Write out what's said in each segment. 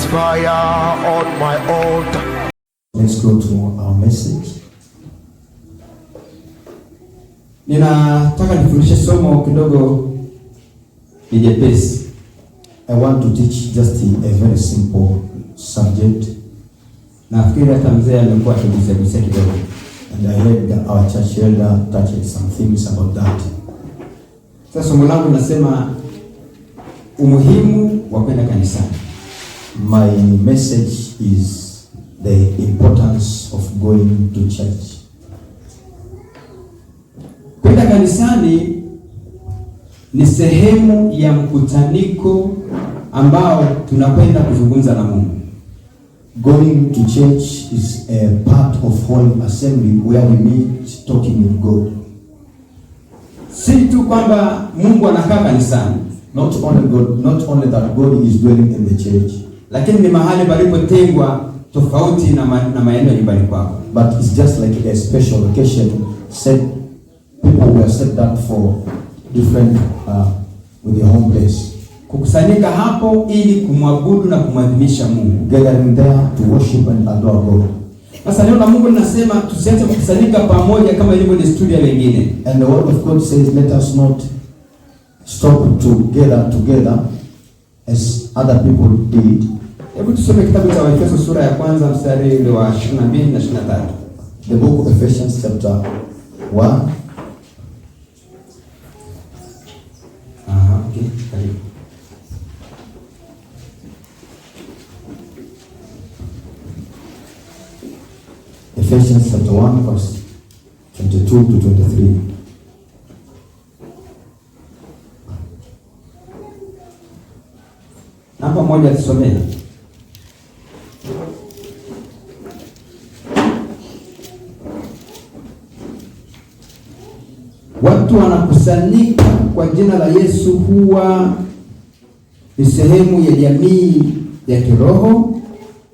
this fire on my altar. Let's go to our message. Ninataka nifundishe somo kidogo ni jepesi. I want to teach just a very simple subject. Nafikiri hata mzee amekuwa akigusagusia kidogo. And I heard that our church elder touched some things about that. Sasa somo langu nasema umuhimu wa kwenda kanisani. My message is the importance of going to church. Kwenda kanisani ni sehemu ya mkutaniko ambao tunakwenda kuzungumza na Mungu. Going to church is a part of holy assembly where we meet talking with God. Si tu kwamba Mungu anakaa kanisani. Not only God, not only that God is dwelling in the church lakini ni mahali palipotengwa tofauti na, ma, na maeneo ya nyumbani kwako. But it's just like a special location set, people were set that for different uh, with their home place. Kukusanyika hapo ili kumwabudu na kumwadhimisha Mungu. Gathering there to worship and adore God. Sasa neno la Mungu linasema tusiache kukusanyika pamoja kama ilivyo desturi ya wengine. And the word of God says let us not stop to gather together as other people did Hebu tusome kitabu cha Waefeso sura ya kwanza mstari ule wa 22 na 23. The book of Ephesians chapter 1 Ephesians chapter 1 verse 22 to 23. Namba moja Kusanyika kwa jina la Yesu huwa ni sehemu ya jamii ya kiroho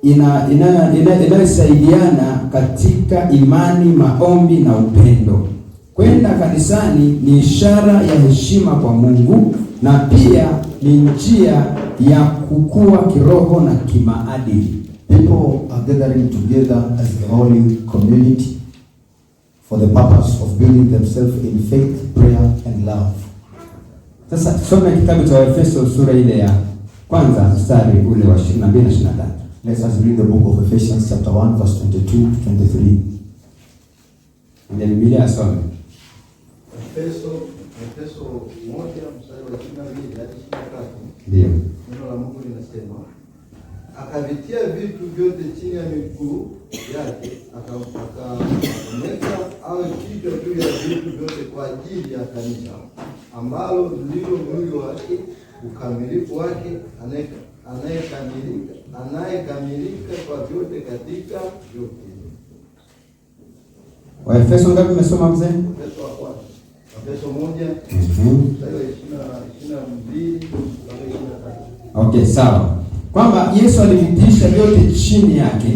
ina- inayosaidiana ina, ina katika imani, maombi na upendo. Kwenda kanisani ni ishara ya heshima kwa Mungu na pia ni njia ya kukua kiroho na kimaadili. People are gathering together as a holy community for the purpose of building themselves in faith, prayer and love. Sasa tusome kitabu cha Efeso sura ile ya kwanza mstari ule wa 22 na 23. Let us read the book of Ephesians chapter 1 verse 22 to 23. Ndio Biblia asome. Efeso Efeso moja mstari wa 22 hadi 23. Ndio. Neno la Mungu linasema akavitia vitu vyote chini ya miguu yake, akameka awe kichwa juu ya vitu vyote kwa ajili ya kanisa ambalo ndilo mwili wake, ukamilifu wake, anayekamilika anayekamilika kwa vyote katika vyote. Waefeso ngapi umesoma mzee? Waefeso moja ishirini na mbili. Okay, sawa kwamba Yesu alivitisha yote chini yake,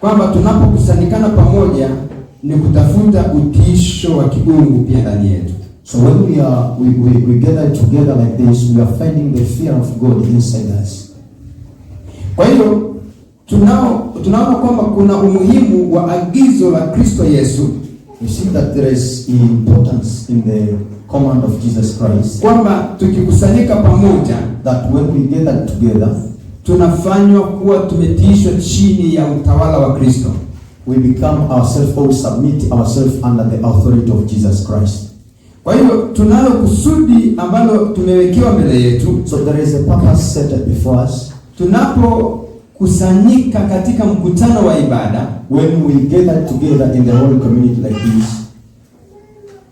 kwamba tunapokusanikana pamoja ni kutafuta utisho wa kiungu pia ndani yetu. So when we are we, we, we gather together like this, we are finding the fear of God inside us. Kwa hiyo tunao tunaona kwamba kuna umuhimu wa agizo la Kristo Yesu. We see that there is importance in the command of Jesus Christ. Kwamba tukikusanyika pamoja, that when we gather together tunafanywa kuwa tumetiishwa chini ya utawala wa Kristo. We become ourselves or submit ourselves under the authority of Jesus Christ. Kwa hiyo tunalo kusudi ambalo tumewekewa mbele yetu. So there is a purpose set before us. Tunapokusanyika katika mkutano wa ibada, when we gather together in the holy community like this,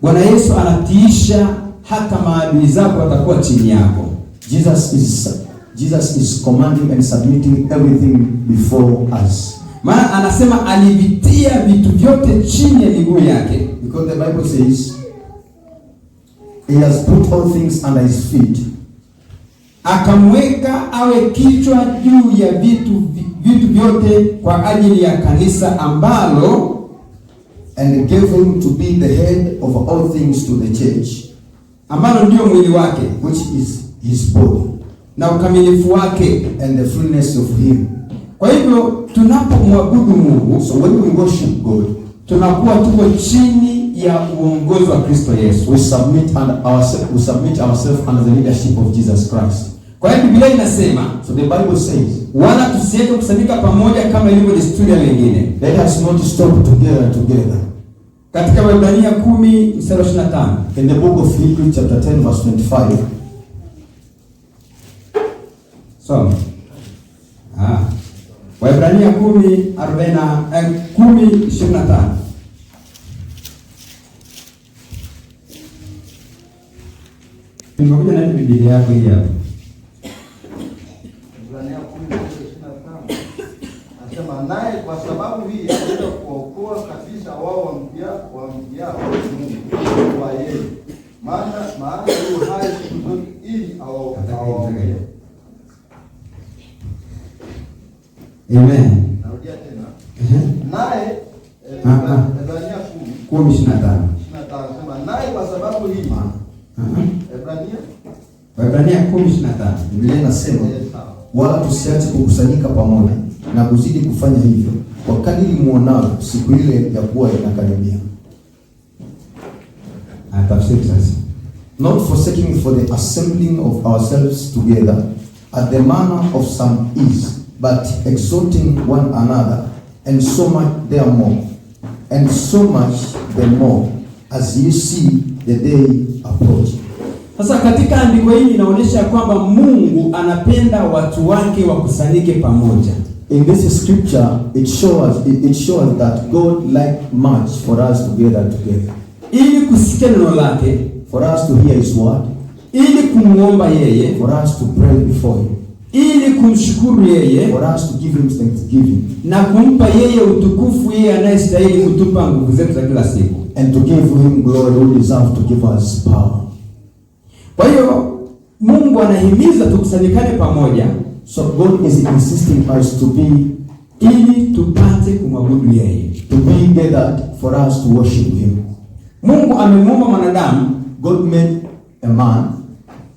Bwana Yesu anatiisha hata maadui zako watakuwa chini yako. Jesus is Jesus is commanding and submitting everything before us. Maana anasema alivitia vitu vyote chini ya miguu yake. Because the Bible says he has put all things under his feet. Akamweka awe kichwa juu ya vitu vitu vyote kwa ajili ya kanisa ambalo and gave him to be the head of all things to the church. Ambalo ndio mwili wake which is his body na ukamilifu wake and the fullness of him. Kwa hivyo tunapomwabudu Mungu, so when we worship God, tunakuwa tuko chini ya uongozi wa Kristo Yesu. We submit and ourselves, we submit ourselves under the leadership of Jesus Christ. Kwa hiyo Biblia inasema, so the Bible says, wala tusiende kusanyika pamoja kama ilivyo desturi nyingine. Let us not stop together together. Katika Waebrania 10 mstari wa 25. In the book of Hebrews chapter 10 verse 25. Soma. Ah. Waebrania 10:40 10:25. Eh, Nimekuja na Biblia yako hii hapa. Amen. Narudia tena. Naye Ebrania eh, ah, 10 ah. Naye kwa sababu hii ah, Ebrania Waebrania Biblia inasema eh, wala tusiache kukusanyika pamoja na kuzidi kufanya hivyo kwa kadiri muonao siku ile ya kuwa inakaribia. sasa. Not forsaking for the assembling of ourselves together as the manner of some is but exhorting one another, and so much more, and so much the more as you see the day approach. Sasa katika andiko hili inaonyesha kwamba Mungu anapenda watu wake wakusanyike pamoja. In this scripture it shows it, it shows that God like much for us to gather together. Ili kusikia neno lake, for us to hear his word, ili kumuomba yeye, for us to pray before him ili kumshukuru yeye for us to give him thanksgiving, na kumpa yeye utukufu yeye anayestahili kutupa nguvu zetu za kila siku, and to give him glory who deserves to give us power. Kwa hiyo Mungu anahimiza tukusanyikane pamoja, so God is insisting us to be, ili tupate kumwabudu yeye, to be together for us to worship him. Mungu amemuumba mwanadamu, God made a man,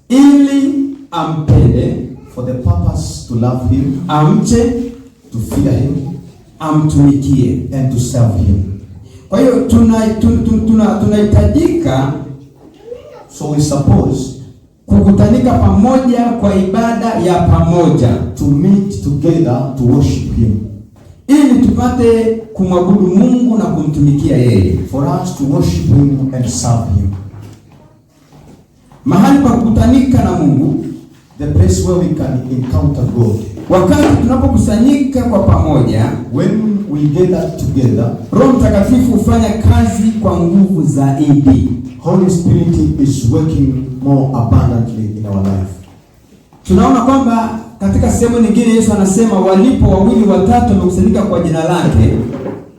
ili ampende for the purpose to love him, amche, to fear him, amtumikie and to serve him. Kwa hiyo tuna tunahitajika so we suppose kukutanika pamoja kwa ibada ya pamoja to meet together to worship him, ili tupate kumwabudu Mungu na kumtumikia yeye, for us to worship him and serve him, mahali pa kukutanika na Mungu The place where we can encounter God. Wakati tunapokusanyika kwa pamoja, when we gather together, Roho Mtakatifu hufanya kazi kwa nguvu zaidi. Holy Spirit is working more abundantly in our life. Tunaona kwamba katika sehemu nyingine Yesu anasema walipo wawili watatu wamekusanyika kwa jina lake.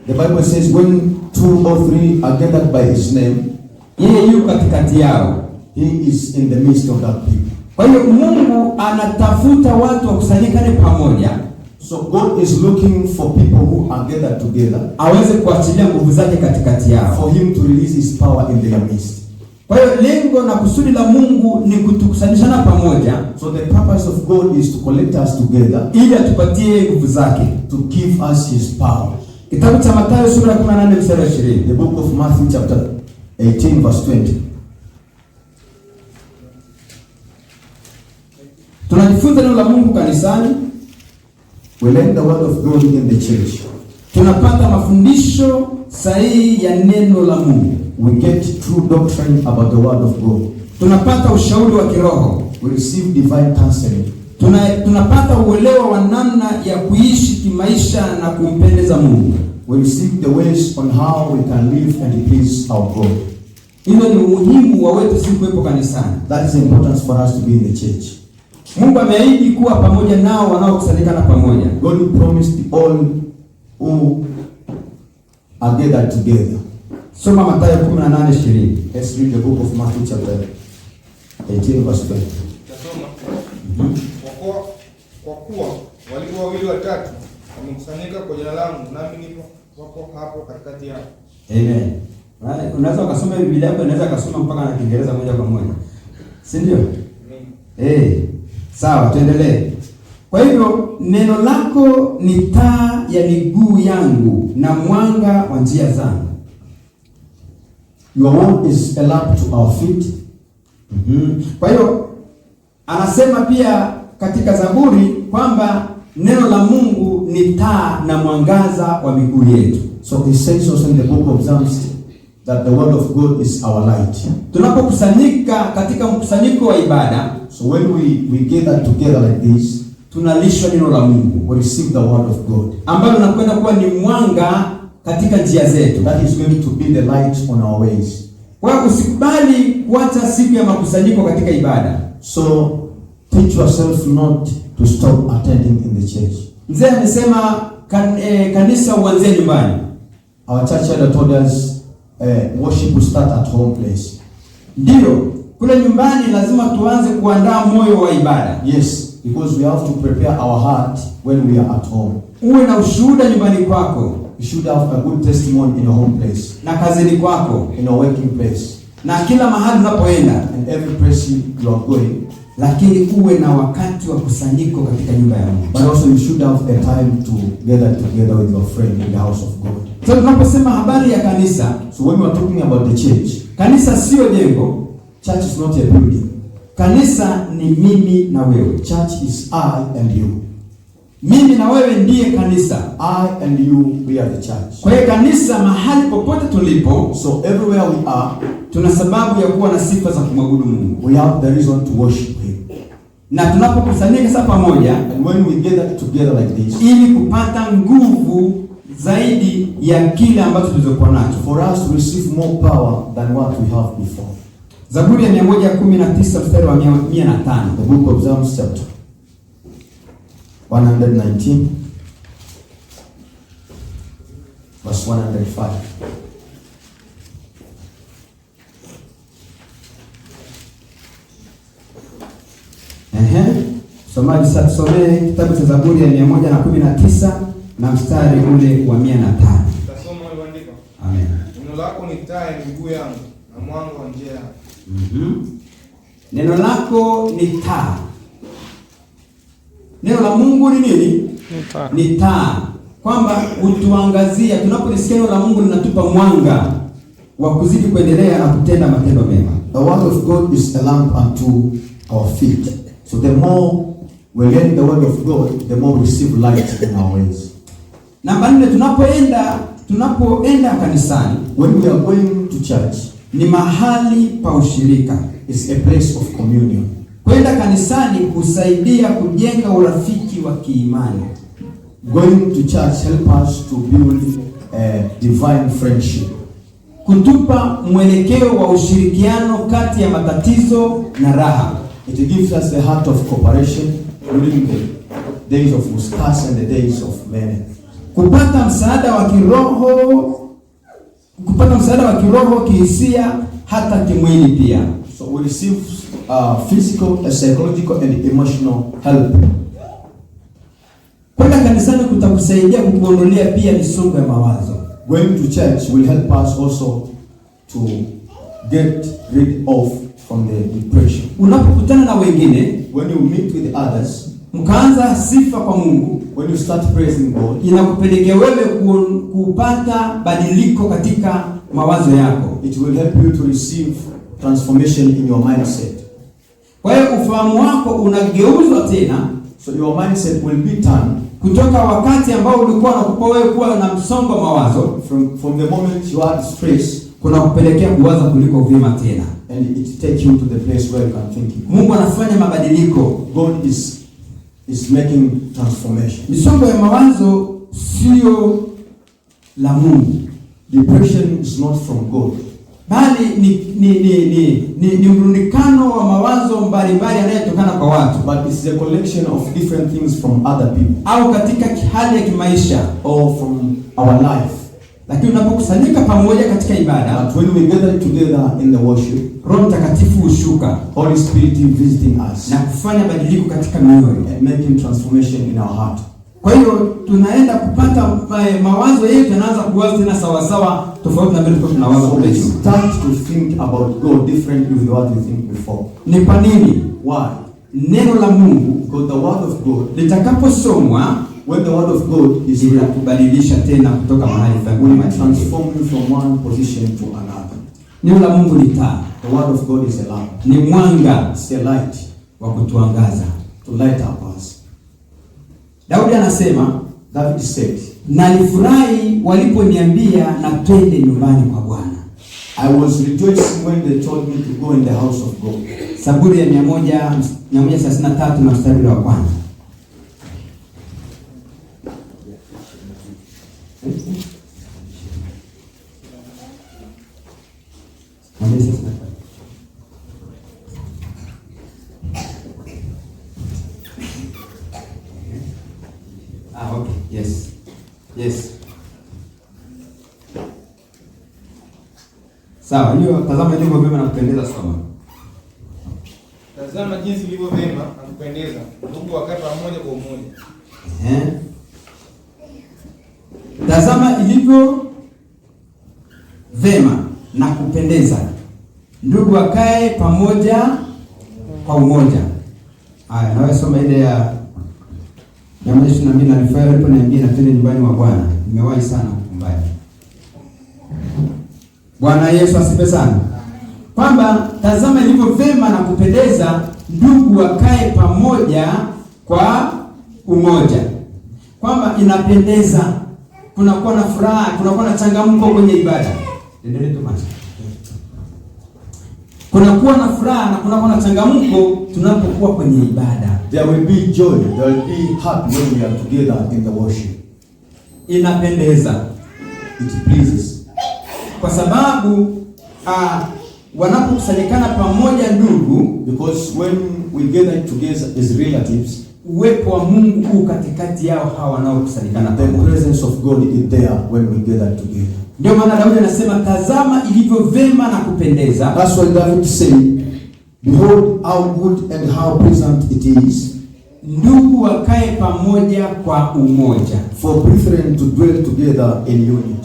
The Bible says when two or three are gathered by his name, yeye yuko katikati yao. He is in the midst of that people. Kwa hiyo Mungu anatafuta watu wakusanyikane pamoja. So God is looking for people who are gathered together. Aweze kuachilia nguvu zake katikati yao. For him to release his power in their midst. Kwa hiyo lengo na kusudi la Mungu ni kutukusanyishana pamoja. So the purpose of God is to collect us together. Ili atupatie nguvu zake. To give us his power. Kitabu cha Mathayo sura ya 18 mstari wa 20. The book of Matthew chapter 18 verse 20. Tunajifunza neno la Mungu kanisani. We learn the word of God in the church. Tunapata mafundisho sahihi ya neno la Mungu. We get true doctrine about the word of God. Tunapata ushauri wa kiroho. We receive divine counseling. Tuna, tunapata uelewa wa namna ya kuishi kimaisha na kumpendeza Mungu. We receive the ways on how we can live and please our God. Hilo ni umuhimu wa wetu sisi kuwepo kanisani. That is important for us to be in the church. Mungu ameahidi kuwa pamoja nao wanaokusanyika na pamoja. God promised all who are gathered together. Soma Mathayo 18:20. Let's read the book of Matthew chapter 18 verse 20. Tasoma. Mm -hmm. Kwa kuwa walikuwa wawili watatu wamekusanyika kwa jina langu, nami nipo wako hapo katikati yao. Amen. Right. Unaweza ukasoma Biblia yako, unaweza ukasoma mpaka na Kiingereza moja kwa moja. Si ndio? Amen. Eh. Hey. Sawa, tuendelee. Kwa hivyo neno lako ni taa ya miguu yangu na mwanga wa njia zangu. Your word is a lamp to our feet. Mm -hmm. Kwa hiyo anasema pia katika Zaburi kwamba neno la Mungu ni taa na mwangaza wa miguu yetu. So he says also in the book of Psalms that the word of God is our light. Tunapokusanyika katika mkusanyiko wa ibada, so when we we gather together like this, tunalishwa neno la Mungu, we receive the word of God, ambalo nakwenda kuwa ni mwanga katika njia zetu, that is going to be the light on our ways. Kwa kusikubali usikubali kuacha siku ya makusanyiko katika ibada, so teach yourself not to stop attending in the church. Mzee amesema kan, eh, kanisa uanzie nyumbani. Our church elder told us eh, worship will start at home place. Ndio kule nyumbani lazima tuanze kuandaa moyo wa ibada. Yes, because we have to prepare our heart when we are at home. Uwe na ushuhuda nyumbani kwako. You should have a good testimony in a home place. Na kazini kwako, in a working place. Na kila mahali unapoenda, and every place you are going. Lakini uwe na wakati wa kusanyiko katika nyumba ya Mungu. But also you should have the time to gather together with your friend in the house of God. Sasa tunaposema habari ya kanisa, so when we are talking about the church, kanisa sio jengo. Church is not a building. Kanisa ni mimi na wewe. Church is I and you. Mimi na wewe ndiye kanisa. I and you we are the church. Kwa hiyo kanisa mahali popote tulipo, so everywhere we are, tuna sababu ya kuwa na sifa za kumwabudu Mungu. We have the reason to worship him. Na tunapokusanyika sasa pamoja, and when we gather together like this, ili kupata nguvu zaidi ya kile ambacho tulizokuwa nacho, for us to receive more power than what we have before. Zaburi ya 119 mstari wa 105, the book of Psalms chapter 119 verse 105. Ehe, somaji sasa, tusomee kitabu cha Zaburi ya 119 na mstari ule wa mia na tano. Amen. Neno lako ni taa ya miguu yangu na mwanga wa njia yangu. Mm-hmm. Neno lako ni taa. Neno la Mungu ni nini? Ni taa, kwamba hutuangazia. Tunapolisikia neno la Mungu linatupa mwanga wa kuzidi kuendelea na kutenda matendo mema. The word of God is a lamp unto our feet. So the more we learn the word of God, the more we receive light in our ways. Namba nne, tunapoenda tunapoenda kanisani, when we are going to church, ni mahali pa ushirika, is a place of communion. Kwenda kanisani husaidia kujenga urafiki wa kiimani. Going to church help us to build a divine friendship, kutupa mwelekeo wa ushirikiano kati ya matatizo na raha. It gives us the heart of cooperation during the days of uskas and the days of menace kupata msaada wa kiroho kupata msaada wa kiroho, kihisia, hata kimwili pia. So we receive uh, physical, uh, psychological and emotional help. Kwenda kanisani kutakusaidia kukuondolea pia misongo ya mawazo. Going to church will help us also to get rid of from the depression. Unapokutana na wengine, when you meet with others mkaanza sifa kwa Mungu, when you start praising God, inakupelekea wewe kupata badiliko katika mawazo yako. It will help you to receive transformation in your mindset. Kwa hiyo ufahamu wako unageuzwa tena, so your mindset will be turned kutoka wakati ambao ulikuwa unakupa wewe kuwa na msongo wa mawazo, from from the moment you had stress, kuna kupelekea kuwaza kuliko vyema tena, and it take you to the place where you can think. Mungu anafanya mabadiliko. God is is making transformation. Misongo ya mawazo sio la Mungu. Depression is not from God. Bali ni ni ni ni ni, ni mrundikano wa mawazo mbalimbali yanayotokana kwa watu. But it's a collection of different things from other people. Au katika hali ya kimaisha or from our life. Lakini unapokusanyika pamoja katika ibada, when we gather together in the worship, Roho Mtakatifu hushuka, Holy Spirit is visiting us, na kufanya badiliko katika mioyo, making transformation in our heart. Kwa hiyo tunaenda kupata eh, mawazo yetu yanaanza kuwaza tena sawa sawa, tofauti na vile tunawaza kwa leo. Start to think about God differently with what you think before. Ni kwa nini? Why? Neno la Mungu, God the word of God litakaposomwa When the word of God is inakubadilisha tena kutoka mahali fulani, it transform you from one position to another. Neno la Mungu ni taa. The word of God is a lamp. Ni mwanga, it's a light wa kutuangaza, to light up us. Daudi anasema, David said, nalifurahi waliponiambia na twende nyumbani kwa Bwana. I was rejoicing when they told me to go in the house of God. Zaburi ya 133 na mstari wa kwanza. Sawa, hiyo tazama ilivyo vyema na kupendeza soma. Tazama jinsi ilivyo vyema na kupendeza. Mungu akapa mmoja kwa mmoja. Eh? Tazama ilivyo vema na kupendeza. Ndugu akae pamoja kwa umoja. Haya, nawe soma ile ya ya 22 na 25 alipo niambia na twende nyumbani wa Bwana. Nimewahi sana. Bwana Yesu asipe sana, kwamba tazama ilivyo vema na kupendeza ndugu wakae pamoja kwa umoja, kwamba inapendeza, kunakuwa na furaha, kunakuwa na changamko kwenye ibada. Endelee tu macho, kunakuwa na furaha na kunakuwa na changamko tunapokuwa kwenye ibada. There will be joy, there will be happy when we are together in the worship. Inapendeza, it pleases kwa sababu uh, wanapokusanyikana pamoja ndugu, because when we gather together as relatives, uwepo wa Mungu huu katikati yao hawa wanaokusanyikana, the presence of God is there when we gather together. Ndio maana Daudi anasema tazama ilivyo vema na kupendeza. That's why David said behold how good and how pleasant it is ndugu wakae pamoja kwa umoja, for brethren to dwell together in union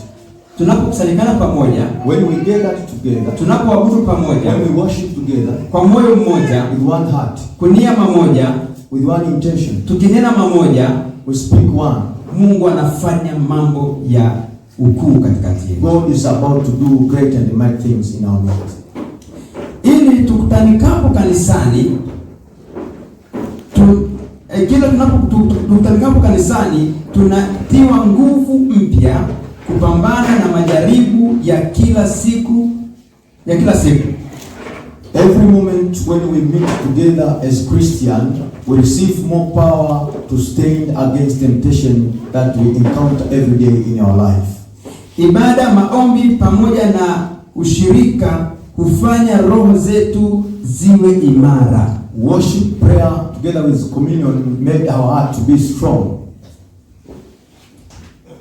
tunapokusanyikana pamoja, when we gather together, tunapoabudu pamoja, when we worship together, kwa moyo mmoja, with one heart, kunia mamoja, with one intention, tukinena mamoja, we speak one, Mungu anafanya mambo ya ukuu katikati yetu. God is about to do great and mighty things in our midst. Ili tukutanikapo kanisani tu, eh, kila tunapokutanikapo kanisani tunatiwa nguvu mpya kupambana na majaribu ya kila siku ya kila siku. Every moment when we meet together as Christian, we receive more power to stand against temptation that we encounter every day in our life. Ibada, maombi pamoja na ushirika hufanya roho zetu ziwe imara. Worship, prayer together with communion made our heart to be strong.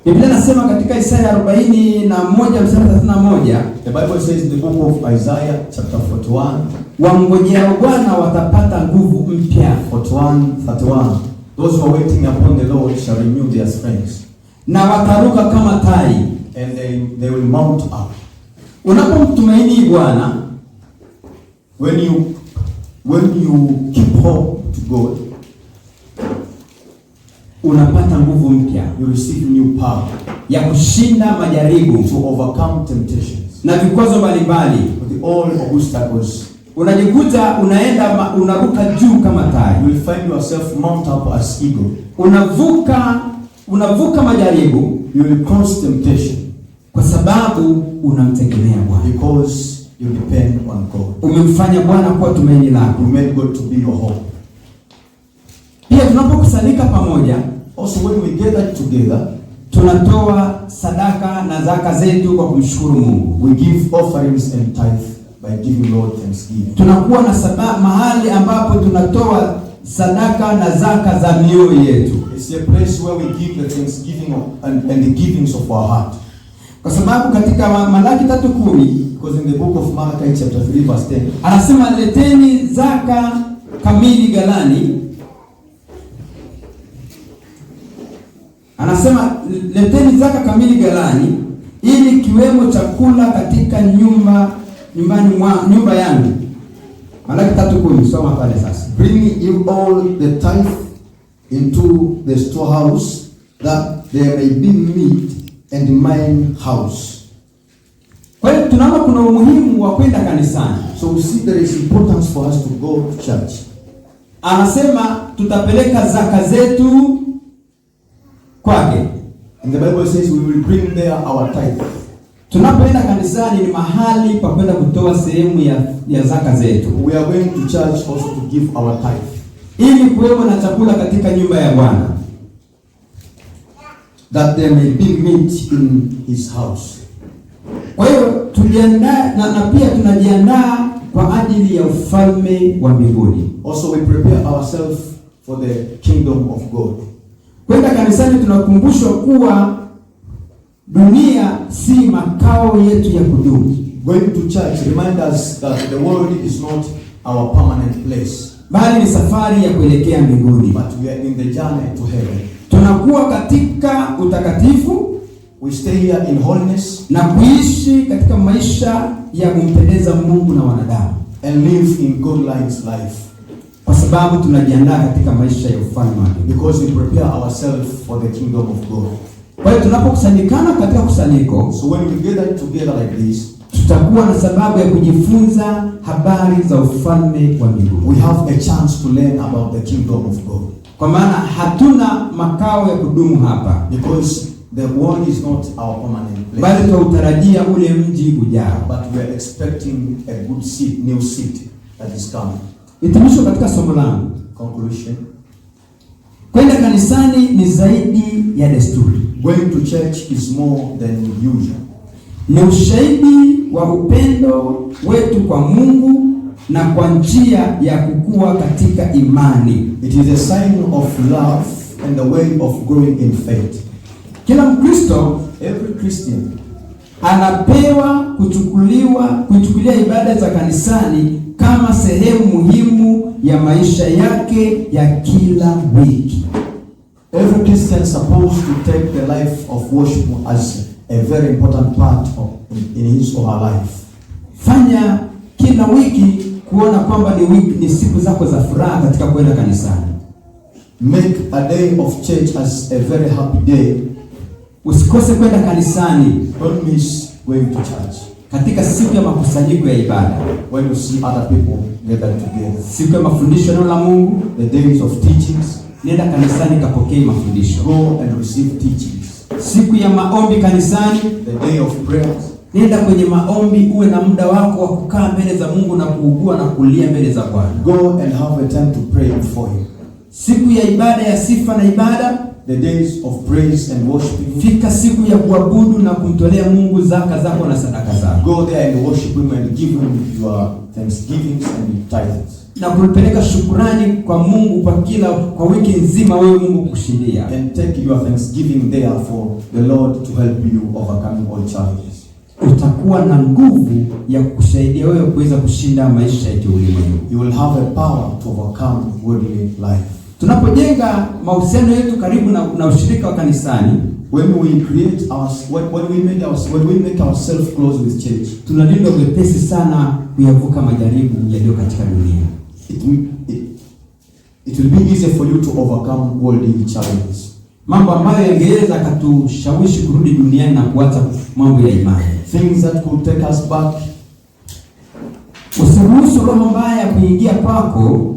Biblia nasema katika Isaya 41 mstari 31, the Bible says in the book of Isaiah chapter 41, wamngojeao Bwana watapata nguvu mpya. 41:31. those who are waiting upon the Lord shall renew their strength, na wataruka kama tai, and they, they will mount up. Unapomtumaini Bwana, when you when you keep hope to God unapata nguvu mpya, you receive new power ya kushinda majaribu, to overcome temptations, na vikwazo mbalimbali, the all obstacles. Unajikuta unaenda unaruka juu kama tai, you will find yourself mount up as eagle. Unavuka unavuka majaribu, you will cross temptation, kwa sababu unamtegemea Bwana, because you depend on God. Umemfanya Bwana kuwa tumaini lako, you made God to be your hope. Pia tunapokusanyika pamoja Also when we gather together, tunatoa sadaka na zaka zetu kwa kumshukuru Mungu. We give offerings and tithe by giving Lord thanksgiving. Tunakuwa na saba, mahali ambapo tunatoa sadaka na zaka za mioyo yetu. It's a place where we give the thanksgiving of, and, and the givings of our heart. Kwa sababu katika Malaki 3:10 because in the book of Malachi chapter 3 verse 10 anasema leteni zaka kamili galani Anasema leteni zaka kamili galani ili kiwemo chakula katika nyumba nyumbani mwa nyumba yangu. Malaki tatu kumi, soma pale sasa. Bring you all the tithe into the storehouse that there may be meat and mine house. Kwa hiyo tunaona kuna umuhimu wa kwenda kanisani. So we see there is importance for us to go to church. Anasema tutapeleka zaka zetu kwake. And the Bible says we will bring there our tithe. Tunapoenda kanisani ni mahali pa kwenda kutoa sehemu ya, ya zaka zetu. We are going to church also to give our tithe. Ili kuwepo na chakula katika nyumba ya Bwana. That there may be meat in his house. Kwa hiyo tujiandaa na, na pia tunajiandaa kwa ajili ya ufalme wa mbinguni. Also we prepare ourselves for the kingdom of God. Kwenda kanisani tunakumbushwa kuwa dunia si makao yetu ya kudumu. Going to church reminds us that the world is not our permanent place. Bali ni safari ya kuelekea mbinguni. But we are in the journey to heaven. Tunakuwa katika utakatifu. We stay here in holiness. Na kuishi katika maisha ya kumpendeza Mungu na wanadamu. And live in God life sababu tunajiandaa katika maisha ya ufalme because we prepare ourselves for the kingdom of God. Kwa hiyo tunapokusanyikana katika kusanyiko, so when we gather together like this, tutakuwa na sababu ya kujifunza habari za ufalme wa mbinguni. We have a chance to learn about the kingdom of God. Kwa maana hatuna makao ya kudumu hapa. Because The world is not our permanent place. Bali tunautarajia ule mji ujao. But we are expecting a good seat, new city that is coming. Hitimisho katika somo langu, conclusion, kwenda kanisani ni zaidi ya desturi. Going to church is more than usual. Ni ushahidi wa upendo wetu kwa Mungu na kwa njia ya kukua katika imani. It is a sign of love and a way of growing in faith. Kila Mkristo, every Christian, anapewa kuchukuliwa kuchukulia ibada za kanisani kama sehemu muhimu ya maisha yake ya kila wiki. Every Christian is supposed to take the life of worship as a very important part of in his or her life. Fanya kila wiki kuona kwamba ni wiki, ni siku zako za furaha katika kwenda kanisani. Make a day of church as a very happy day. Usikose kwenda kanisani. Don't miss going to church katika siku ya makusanyiko ya ibada, when you see other people gathered together, siku ya mafundisho neno la Mungu, the days of teachings, nenda kanisani kapokee mafundisho, go and receive teachings. Siku ya maombi kanisani, the day of prayers, nenda kwenye maombi, uwe na muda wako wa kukaa mbele za Mungu na kuugua na kulia mbele za Bwana, go and have a time to pray before him siku ya ibada ya sifa na ibada, the days of praise and worship. Fika siku ya kuabudu na kumtolea Mungu zaka zako na sadaka zako. Go there and worship him and give him your thanksgivings and tithes na kupeleka shukrani kwa Mungu kwa kila kwa wiki nzima wewe Mungu kushindia And take your thanksgiving there for the Lord to help you overcome all challenges. Utakuwa na nguvu ya kukusaidia wewe kuweza kushinda maisha ya ulimwengu. You will have a power to overcome worldly life. Tunapojenga mahusiano yetu karibu na, na ushirika wa kanisani, when we create our when we made our when we make ourselves close with church, tunalinda wepesi sana kuyavuka majaribu yaliyo katika dunia. It, it, it will be easy for you to overcome worldly challenges. Mambo ambayo yangeweza katushawishi kurudi duniani na kuacha mambo ya imani. Things that could take us back. Usiruhusu roho mbaya kuingia kwako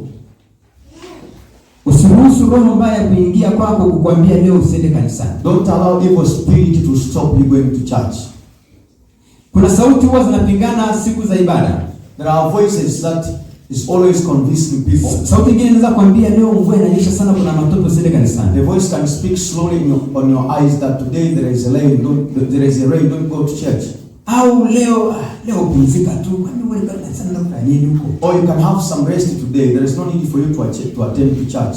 Usiruhusu roho mbaya kuingia kwako kukwambia leo usiende kanisani. Don't allow evil spirit to stop you going to church. Kuna sauti huwa zinapingana siku za ibada. There are voices that is always convincing people. Sauti nyingine inaweza kuambia leo mvua inanyesha sana, kuna matope, usiende kanisani. The voice can speak slowly in your, on your eyes that today there is a rain, don't there is a rain, don't go to church. Au leo ah, leo pumzika tu. Mimi wewe kanisani ndio na nini huko? Or you can have some rest today. There is no need for you to attend to church.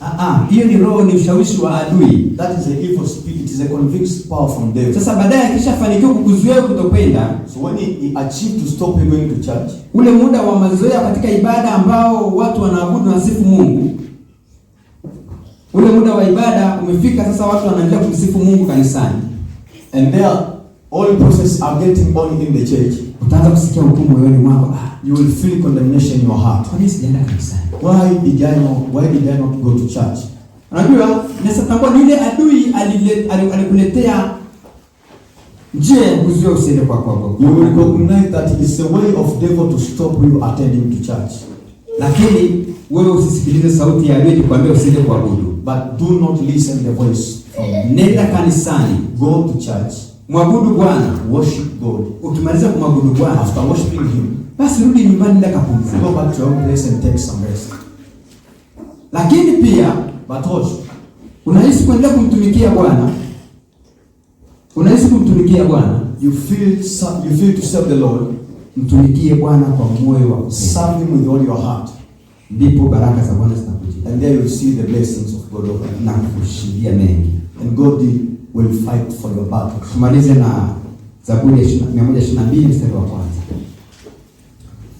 Ah, ah, hiyo ni roho, ni ushawishi wa adui. That is a evil spirit, it is a convinced power from devil. Sasa baadaye akishafanikiwa kukuzuia kutopenda, so when he achieved to stop you going to church, ule muda wa mazoea katika ibada ambao watu wanaabudu na sifu Mungu, ule muda wa ibada umefika sasa, watu wanaanza kumsifu Mungu kanisani, and there all process are getting born in the church, utaanza kusikia hukumu moyoni mwako. Ah. You will feel condemnation in your heart. Kwa nini sijaenda kanisani? Why did I not, why did I not go to church? Unajua, adui alikuletea kuzuia usiende kwa kwa You will recognize that it's a way of devil to stop you attending to church. Lakini wewe usisikilize sauti ya adui usiende But do not listen the voice. Nenda kanisani, go to church. Mwabudu Bwana, worship God. Ukimaliza kumwabudu Bwana, after worshiping him, basi rudi nyumbani nenda kapumzika. Go back to your place and take some rest. Lakini pia batosha. Unahisi kuendelea kumtumikia Bwana? Unahisi kumtumikia Bwana? You feel some, you feel to serve the Lord. Mtumikie Bwana kwa moyo wako. Serve him with all your heart. Ndipo baraka za Bwana zitakujia. And there you see the blessings of God over. Na kukushidia mengi. And God did will fight for your battle. Tumalize na Zaburi ya mbili mstari wa kwanza.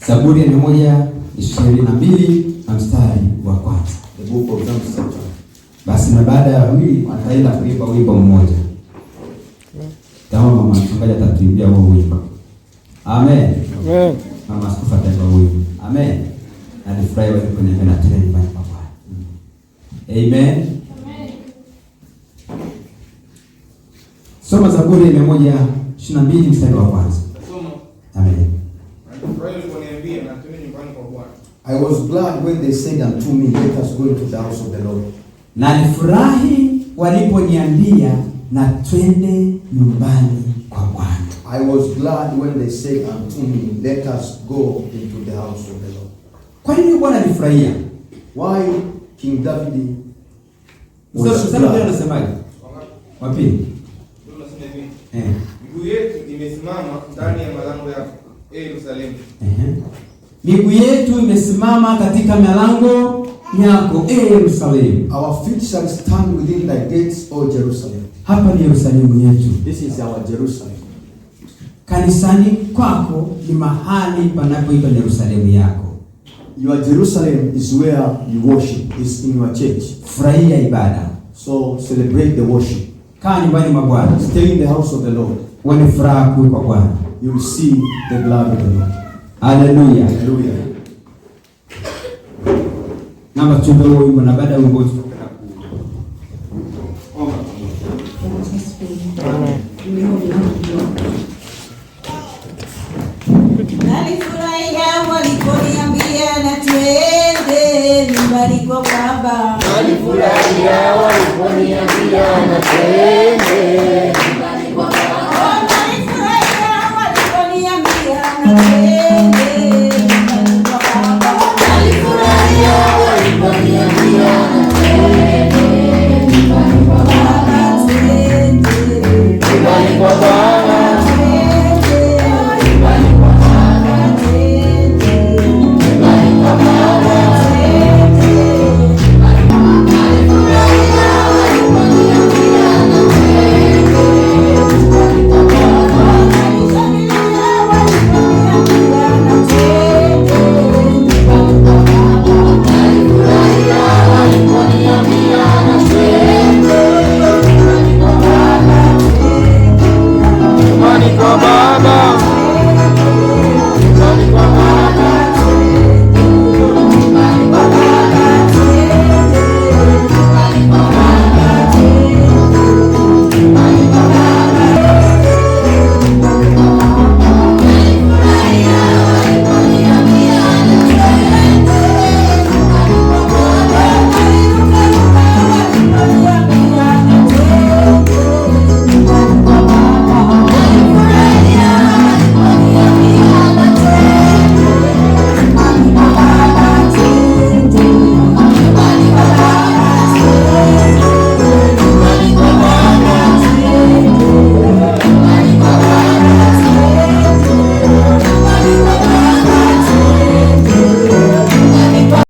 Zaburi ya 122 na mbili na mstari wa kwanza. The book of Psalms. Basi na baada ya wili wataenda kuimba wimbo mmoja. Kama mama mchungaji atatuimbia huo wimbo. Amen. Amen. Mama askofu ataimba wimbo. Amen. Na nifurahi wewe kwenye tena nyumbani kwa Bwana. Amen. Soma Zaburi ya mia moja ishirini na mbili mstari wa kwanza. Amen. I was glad when they said unto me, let us go into the house of the Lord. Na nifurahi waliponiambia na twende nyumbani kwa Bwana. I was glad when they said unto me, let us go into the house of the Lord. Kwa nini Bwana alifurahia? Why King David was glad? Anasemaje? Wapi? Eh. Miguu yetu imesimama ndani ya malango ya Yerusalemu. Eh. Miguu yetu imesimama katika malango yako, e Yerusalemu. Our feet shall stand within thy gates, o Jerusalem. Hapa ni Yerusalemu yetu. This is our Jerusalem. Kanisani kwako ni mahali panapoitwa Yerusalemu yako. Your Jerusalem is where you worship, is in your church. Furahia ibada. So celebrate the worship. Kaa nyumbani mwa Bwana. Stay in the house of the Lord. wewe furaha kuu kwa Bwana. You will see the glory of the Lord. Hallelujah. Hallelujah. Namba tuombe huo wimbo na baada ya wimbo tutakwenda Nalifurahia waliponiambia na tuwe Mbarikiwa Baba, walifurahia waliponiambia na twende